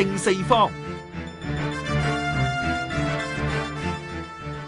正四方。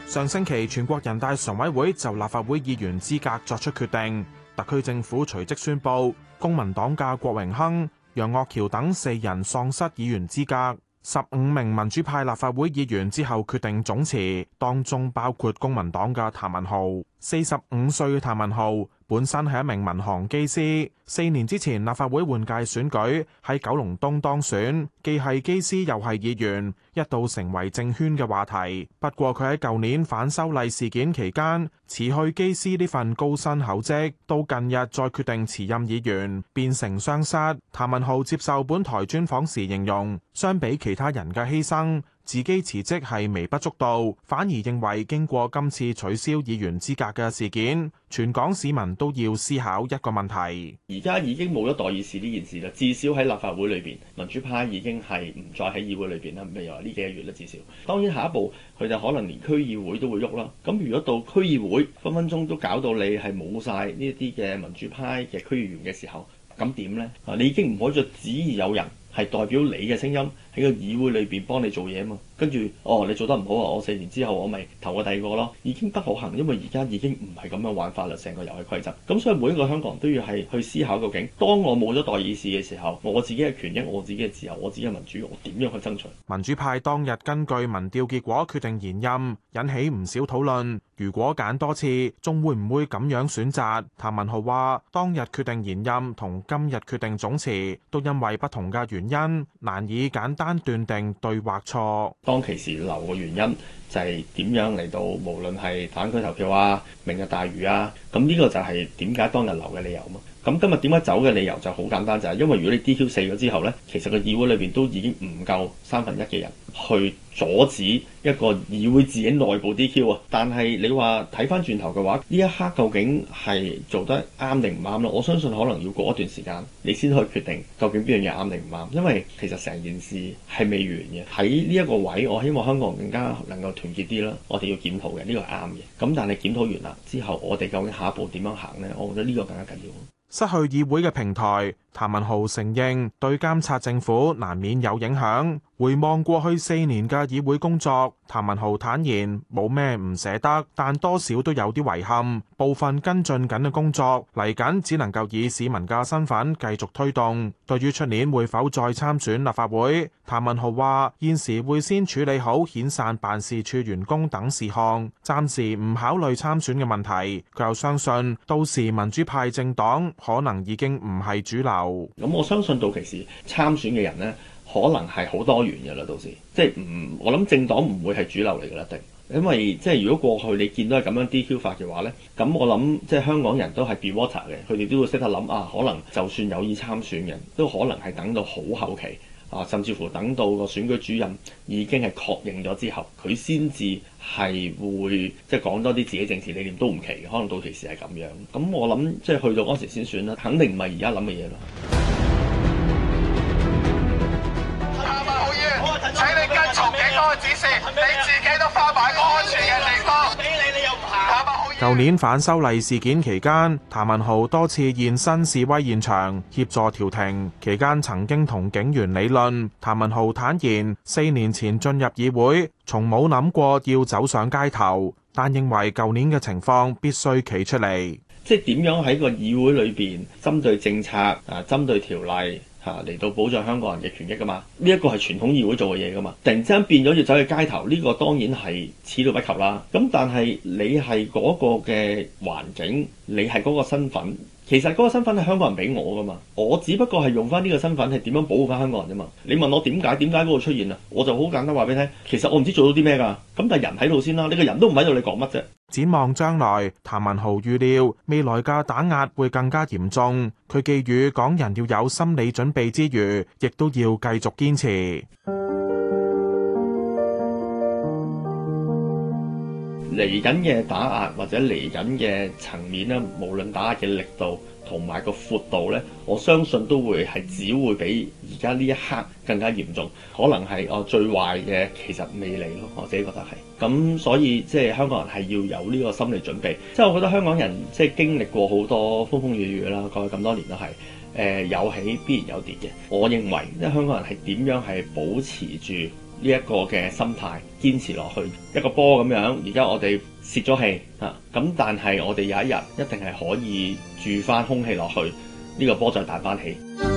上星期，全國人大常委會就立法會議員資格作出決定，特區政府隨即宣布，公民黨嘅郭榮鏗、楊岳橋等四人喪失議員資格。十五名民主派立法會議員之後決定總辭，當中包括公民黨嘅譚文豪。四十五歲嘅譚文豪本身係一名民航機師，四年之前立法會換屆選舉喺九龍東當選，既係機師又係議員，一度成為政圈嘅話題。不過佢喺舊年反修例事件期間辭去機師呢份高薪厚職，到近日再決定辭任議員，變成雙失。譚文豪接受本台專訪時形容，相比其他人嘅犧牲。自己辭職係微不足道，反而認為經過今次取消議員資格嘅事件，全港市民都要思考一個問題。而家已經冇咗代議士呢件事啦，至少喺立法會裏邊，民主派已經係唔再喺議會裏邊啦。譬如話呢幾個月咧，至少當然下一步佢哋可能連區議會都會喐啦。咁如果到區議會分分鐘都搞到你係冇晒呢一啲嘅民主派嘅區議員嘅時候，咁點呢？啊，你已經唔可以再指意有人。係代表你嘅聲音喺個議會裏邊幫你做嘢嘛，跟住哦你做得唔好啊，我四年之後我咪投個第二個咯，已經不可行，因為而家已經唔係咁樣玩法嘞，成個遊戲規則。咁所以每一個香港人都要係去思考究竟，當我冇咗代議士嘅時候，我自己嘅權益、我自己嘅自由、我自己嘅民主，我點樣去爭取？民主派當日根據民調結果決定延任，引起唔少討論。如果揀多次，仲會唔會咁樣選擇？譚文豪話：當日決定延任同今日決定總辭都因為不同嘅原。原因難以簡單斷定對或錯。當其時留嘅原因就係點樣嚟到，無論係反區投票啊、明日大雨啊，咁呢個就係點解當日留嘅理由嘛。咁今日點解走嘅理由就好簡單，就係因為如果你 DQ 死咗之後呢，其實個議會裏邊都已經唔夠三分一嘅人去阻止一個議會自己內部 DQ 啊。但係你話睇翻轉頭嘅話，呢一刻究竟係做得啱定唔啱咧？我相信可能要過一段時間，你先去決定究竟邊樣嘢啱定唔啱，因為其實成件事係未完嘅。喺呢一個位，我希望香港人更加能夠團結啲啦。我哋要檢討嘅呢個係啱嘅。咁但係檢討完啦之後，我哋究竟下一步點樣行呢？我覺得呢個更加緊要。失去議會嘅平台，譚文豪承認對監察政府難免有影響。回望過去四年嘅議會工作，譚文豪坦言冇咩唔捨得，但多少都有啲遺憾。部分跟進緊嘅工作嚟緊只能夠以市民嘅身份繼續推動。對於出年會否再參選立法會，譚文豪話：現時會先處理好遣散辦事處員工等事項，暫時唔考慮參選嘅問題。佢又相信，到時民主派政黨可能已經唔係主流。咁我相信，到其時參選嘅人呢。可能係好多元嘅啦，到時即係唔，我諗政黨唔會係主流嚟㗎啦，定因為即係如果過去你見到係咁樣 DQ 法嘅話呢，咁我諗即係香港人都係 be water 嘅，佢哋都會識得諗啊。可能就算有意參選嘅人都可能係等到好後期啊，甚至乎等到個選舉主任已經係確認咗之後，佢先至係會即係講多啲自己政治理念都唔奇嘅，可能到期時係咁樣。咁我諗即係去到嗰時先算啦，肯定唔係而家諗嘅嘢啦。只你自己都花埋個安全嘅地方俾你，你又唔行。舊年反修例事件期間，譚文豪多次現身示威現場協助調停，期間曾經同警員理論。譚文豪坦言，四年前進入議會，從冇諗過要走上街頭，但認為舊年嘅情況必須企出嚟，即係點樣喺個議會裏邊針對政策啊，針對條例。嚇嚟、啊、到保障香港人嘅權益㗎嘛？呢、這、一個係傳統議會做嘅嘢㗎嘛？突然之間變咗要走去街頭，呢、這個當然係始料不及啦。咁但係你係嗰個嘅環境，你係嗰個身份。其實嗰個身份係香港人俾我噶嘛，我只不過係用翻呢個身份係點樣保護翻香港人啫嘛。你問我點解，點解嗰個出現啊，我就好簡單話俾你聽。其實我唔知做到啲咩噶，咁但係人喺度先啦、啊。你個人都唔喺度，你講乜啫？展望將來，譚文豪預料未來嘅打壓會更加嚴重。佢寄語港人要有心理準備之餘，亦都要繼續堅持。嚟緊嘅打壓或者嚟緊嘅層面咧，無論打壓嘅力度同埋個闊度咧，我相信都會係只會比而家呢一刻更加嚴重，可能係我最壞嘅其實未嚟咯，我自己覺得係。咁所以即係香港人係要有呢個心理準備，即係我覺得香港人即係經歷過好多風風雨雨啦，過去咁多年都係誒、呃、有起必然有跌嘅。我認為即香港人係點樣係保持住。呢一個嘅心態堅持落去一個波咁樣，而家我哋泄咗氣啊，咁但係我哋有一日一定係可以住翻空氣落去，呢、這個波就彈翻起。